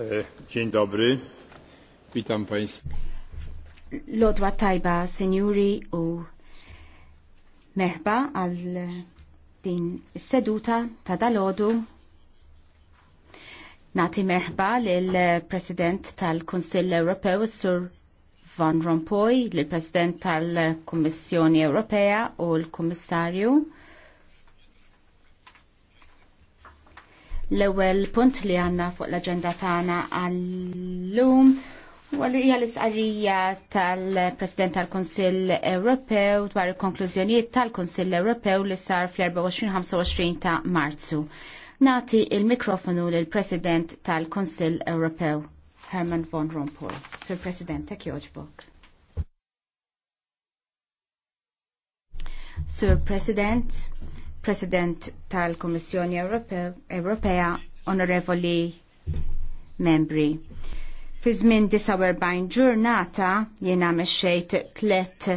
Eh, dzień dobry, witam Państwa. Lodwa tajba, senjuri u merba għal din seduta ta' dalodu. Nati merba l-President tal konsil Ewropew, Sur Van Rompuy, l-President tal-Kommissjoni Ewropea u l-Kommissarju. l-ewwel punt li għandna fuq l-aġenda tagħna u Għalli hija l-isqarrija tal-President tal kunsill Ewropew dwar il-konklużjonijiet tal kunsill Ewropew li sar fl-24-25 ta' Marzu. Nati il-mikrofonu lil president tal kunsill Ewropew, Herman von Rompuy. Sur President, ta' kjoġbok. Sur President, President tal-Kommissjoni Ewropea, Onorevoli Membri. Fi żmien 49 ġurnata jiena mexxejt tlet